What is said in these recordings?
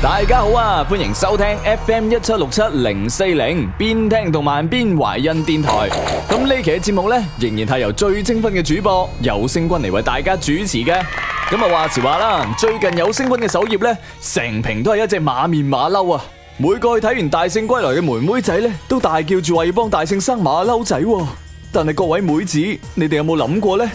大家好啊，歡迎收聽 FM 一七六七零四零邊聽動漫，邊懷恩電台。咁呢期嘅節目咧，仍然係由最精分嘅主播有星君嚟為大家主持嘅。咁啊，話時話啦，最近有星君嘅首頁咧，成平都係一隻馬面馬騮啊！每個去睇完《大聖歸來》嘅妹妹仔咧，都大叫住話要幫大聖生馬騮仔喎。但係各位妹子，你哋有冇諗過咧？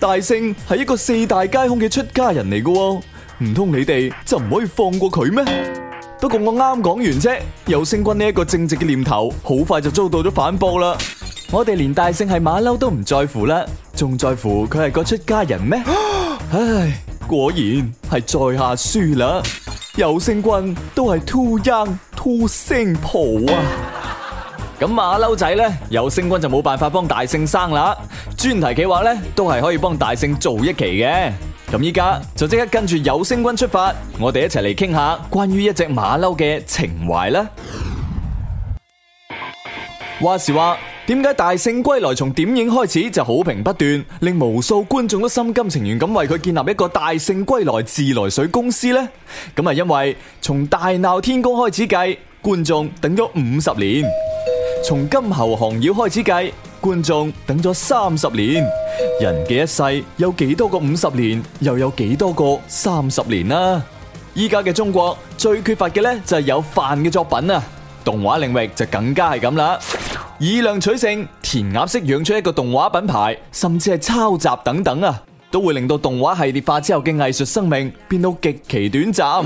大聖係一個四大皆空嘅出家人嚟嘅喎，唔通你哋就唔可以放過佢咩？不過我啱講完啫，有聖君呢一個正直嘅念頭，好快就遭到咗反駁啦。我哋連大聖係馬騮都唔在乎啦，仲在乎佢係個出家人咩？ 唉，果然係在下輸啦。有星君都係 too young too simple 啊！咁馬騮仔呢，有星君就冇辦法幫大聖生啦。專題企劃呢，都係可以幫大聖做一期嘅。咁依家就即刻跟住有星君出發，我哋一齊嚟傾下關於一隻馬騮嘅情懷啦。話時話。點解《大聖歸來》從點映開始就好評不斷，令無數觀眾都心甘情願咁為佢建立一個《大聖歸來》自來水公司呢？咁啊，因為從《大鬧天宮》開始計，觀眾等咗五十年；從《金猴降妖》開始計，觀眾等咗三十年。人嘅一世有幾多個五十年，又有幾多個三十年啦？依家嘅中國最缺乏嘅呢，就係有範嘅作品啊！動畫領域就更加係咁啦，以量取勝，填鴨式養出一個動畫品牌，甚至係抄襲等等啊，都會令到動畫系列化之後嘅藝術生命變到極其短暫。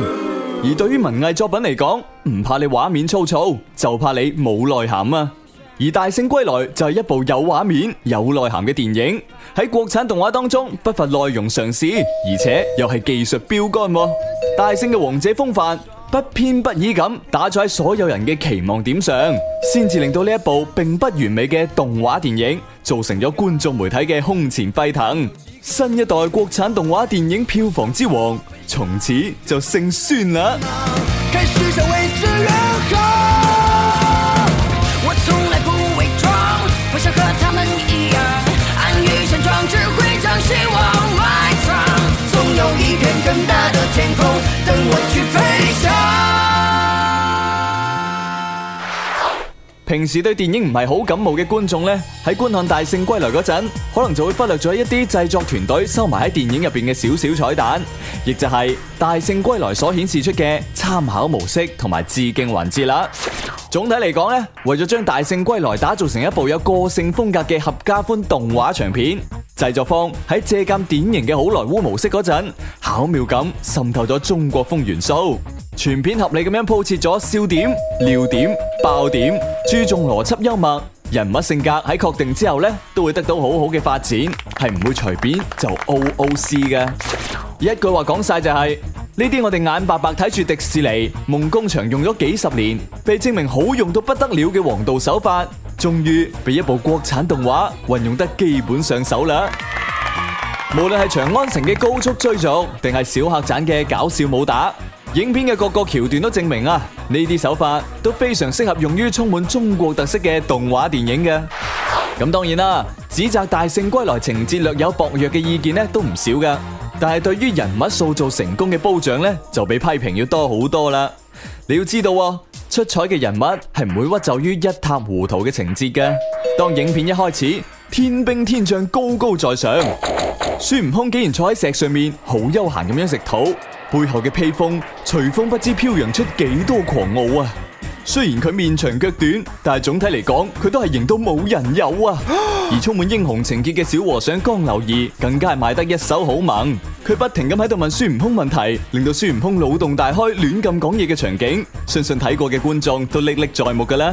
而對於文藝作品嚟講，唔怕你畫面粗糙，就怕你冇內涵啊！而《大聖歸來》就係、是、一部有畫面、有內涵嘅電影，喺國產動畫當中不乏內容嘗試，而且又係技術標杆。大聖嘅王者風範。不偏不倚咁打在所有人嘅期望點上，先至令到呢一部並不完美嘅動畫電影造成咗觀眾媒體嘅空前沸騰。新一代國產動畫電影票房之王，從此就姓孫啦 我從來不平時對電影唔係好感冒嘅觀眾咧，喺觀看《大聖歸來》嗰陣，可能就會忽略咗一啲製作團隊收埋喺電影入邊嘅小小彩蛋，亦就係《大聖歸來》所顯示出嘅參考模式同埋致敬環節啦。總體嚟講咧，為咗將《大聖歸來》打造成一部有個性風格嘅合家歡動畫長片，製作方喺借鑒典型嘅好萊塢模式嗰陣，巧妙咁滲透咗中國風元素。全片合理咁樣鋪設咗笑點、尿點、爆點，注重邏輯幽默，人物性格喺確定之後呢，都會得到好好嘅發展，係唔會隨便就 OOC 嘅。一句話講晒就係，呢啲我哋眼白白睇住迪士尼夢工場用咗幾十年，被證明好用到不得了嘅王道手法，終於被一部國產動畫運用得基本上手啦。無論係長安城嘅高速追逐，定係小客棧嘅搞笑武打。影片嘅各個橋段都證明啊，呢啲手法都非常適合用於充滿中國特色嘅動畫電影嘅。咁當然啦，啊，指責《大聖歸來》情節略有薄弱嘅意見呢，都唔少噶。但係對於人物塑造成功嘅褒獎呢，就比批評要多好多啦。你要知道，哦，出彩嘅人物係唔會屈就於一塌糊塗嘅情節嘅。當影片一開始，天兵天將高高在上，孫悟空竟然坐喺石上面，好悠閒咁樣食土。背後嘅披風隨風不知飄揚出幾多狂傲啊！雖然佢面長腳短，但係總體嚟講，佢都係型到冇人有啊！而充滿英雄情結嘅小和尚江流兒更加係賣得一手好萌，佢不停咁喺度問孫悟空問題，令到孫悟空腦洞大開亂咁講嘢嘅場景，相信睇過嘅觀眾都歷歷在目噶啦！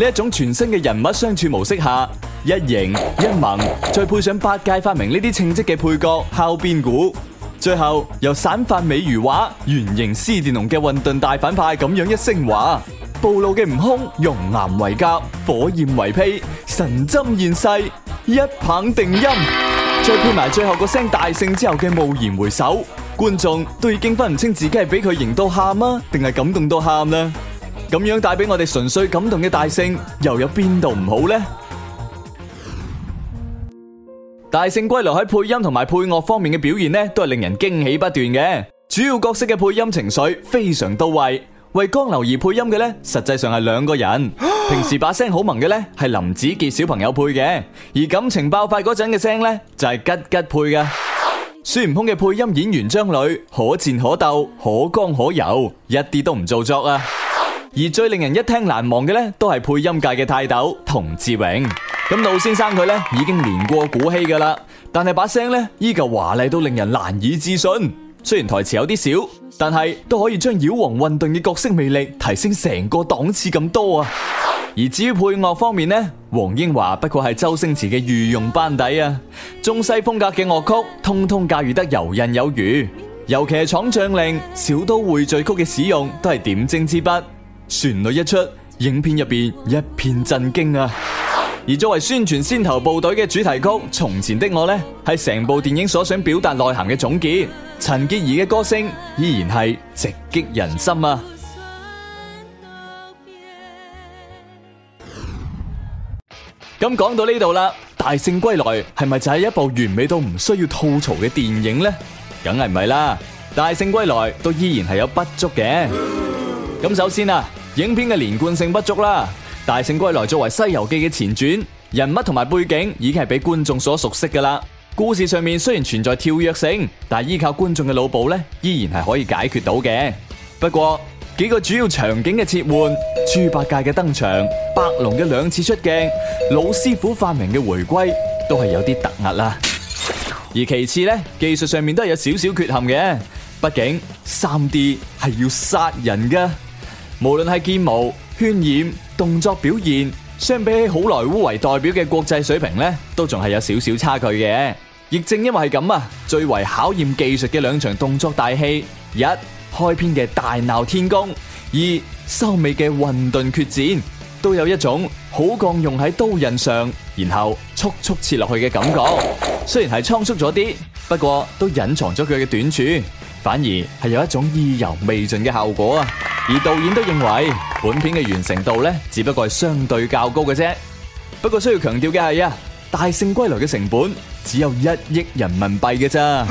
呢一種全新嘅人物相處模式下，一型一萌，再配上八戒法明呢啲稱職嘅配角敲邊鼓，最後由散發美如畫、圓形施電龍嘅混沌大反派咁樣一聲化，暴露嘅悟空熔岩為甲，火焰為披、神針現世，一棒定音，再配埋最後個聲大聖之後嘅驀然回首，觀眾都已經分唔清自己係俾佢型到喊啊，定係感動到喊啦。咁樣帶俾我哋純粹感動嘅大聖，又有邊度唔好呢？大聖歸來喺配音同埋配樂方面嘅表現呢，都係令人驚喜不斷嘅。主要角色嘅配音情緒非常到位。為江流兒配音嘅呢，實際上係兩個人。平時把聲好萌嘅呢，係林子杰小朋友配嘅，而感情爆發嗰陣嘅聲呢，就係吉吉配嘅。孫悟空嘅配音演員張磊，可戰可鬥，可剛可柔，一啲都唔做作啊。而最令人一聽難忘嘅呢，都係配音界嘅泰斗童自榮。咁老先生佢咧，已經年過古稀噶啦，但係把聲呢，依舊華麗到令人難以置信。雖然台詞有啲少，但係都可以將妖王混沌嘅角色魅力提升成個檔次咁多啊！而至於配樂方面呢，黃英華不過係周星馳嘅御用班底啊，中西風格嘅樂曲通通駕馭得遊刃有餘，尤其係《闖將令》、《小刀會序曲》嘅使用都係點睛之筆，旋律一出，影片入面一片震驚啊！而作為宣傳先頭部隊嘅主題曲《從前的我》呢，係成部電影所想表達內涵嘅總結。陳潔儀嘅歌聲依然係直擊人心啊！咁講 到呢度啦，《大聖歸來》係咪就係一部完美到唔需要吐槽嘅電影呢？梗係唔係啦，《大聖歸來》都依然係有不足嘅。咁首先啊，影片嘅連貫性不足啦。大聖歸來作為西遊記嘅前傳，人物同埋背景已經係俾觀眾所熟悉噶啦。故事上面雖然存在跳躍性，但依靠觀眾嘅腦補咧，依然係可以解決到嘅。不過幾個主要場景嘅切換、豬八戒嘅登場、白龍嘅兩次出鏡、老師傅發明嘅回歸，都係有啲突兀啦。而其次咧，技術上面都係有少少缺陷嘅，畢竟三 D 係要殺人噶，無論係建模。渲染動作表現，相比起好萊塢為代表嘅國際水平咧，都仲係有少少差距嘅。亦正因為係咁啊，最為考驗技術嘅兩場動作大戲，一開篇嘅大鬧天宮，二收尾嘅混沌決戰，都有一種好鋼用喺刀刃上，然後速速切落去嘅感覺。雖然係倉促咗啲，不過都隱藏咗佢嘅短處，反而係有一種意猶未盡嘅效果啊！而導演都認為本片嘅完成度咧，只不過係相對較高嘅啫。不過需要強調嘅係啊，大聖歸來嘅成本只有一億人民幣嘅咋。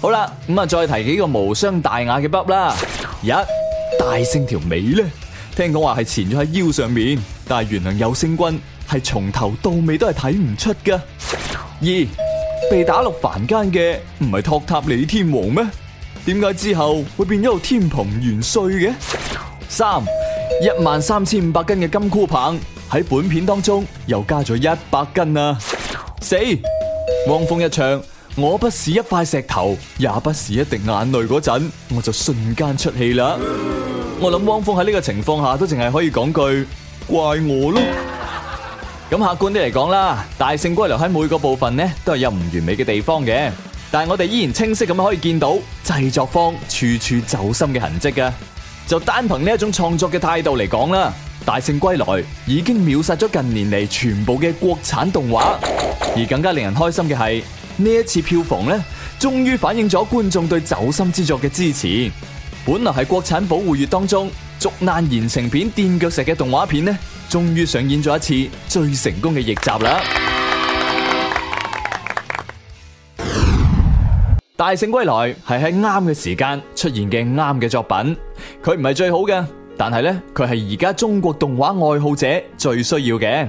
好啦，咁啊，再提幾個無傷大雅嘅 bug 啦。一，大聖條尾咧，聽講話係纏咗喺腰上面，但係原來有聖君係從頭到尾都係睇唔出噶。二，被打落凡間嘅唔係托塔李天王咩？點解之後會變咗做天蓬元帥嘅？三一萬三千五百斤嘅金箍棒喺本片當中又加咗一百斤啊。四汪峰一唱我不是一塊石頭也不是一滴眼淚嗰陣我就瞬間出戲啦。我諗汪峰喺呢個情況下都淨係可以講句怪我咯。咁客觀啲嚟講啦，大聖歸來喺每個部分呢都係有唔完美嘅地方嘅，但係我哋依然清晰咁樣可以見到。製作方處處走心嘅痕跡啊，就單憑呢一種創作嘅態度嚟講啦，《大聖歸來》已經秒殺咗近年嚟全部嘅國產動畫，而更加令人開心嘅係呢一次票房咧，終於反映咗觀眾對走心之作嘅支持。本來係國產保護月當中逐難言成片墊腳石嘅動畫片呢，終於上演咗一次最成功嘅逆襲啦！大聖歸來係喺啱嘅時間出現嘅啱嘅作品，佢唔係最好嘅，但係咧佢係而家中國動畫愛好者最需要嘅，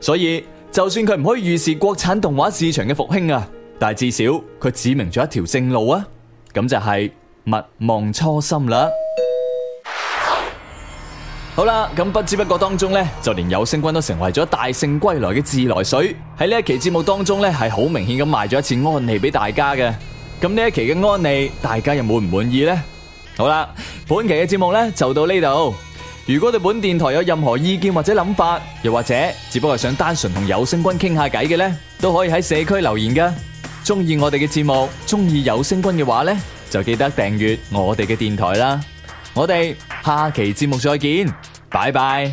所以就算佢唔可以預示國產動畫市場嘅復興啊，但係至少佢指明咗一條正路啊，咁就係勿忘初心啦。 好啦，咁不知不覺當中咧，就連有聲君都成為咗大聖歸來嘅自來水。喺呢一期節目當中咧，係好明顯咁賣咗一次安利俾大家嘅。咁呢一期嘅安利，大家又滿唔滿意呢？好啦，本期嘅節目呢就到呢度。如果對本電台有任何意見或者諗法，又或者只不過想單純同有聲君傾下偈嘅呢，都可以喺社區留言噶。中意我哋嘅節目，中意有聲君嘅話呢，就記得訂閱我哋嘅電台啦。我哋下期節目再見，拜拜。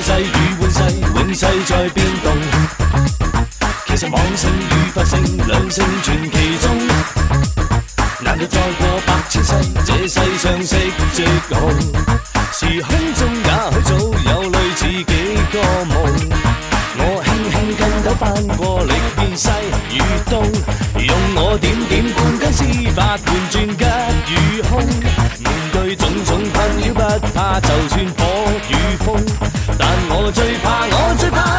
世與換世，永世在變動。其實妄性與法性，兩性存其中。難道再過百千世，這世上色即空？時空中也許早有類似幾個夢。我輕輕筋斗翻過，歷遍西與東，用我點點半根絲髮如空，換轉吉與凶。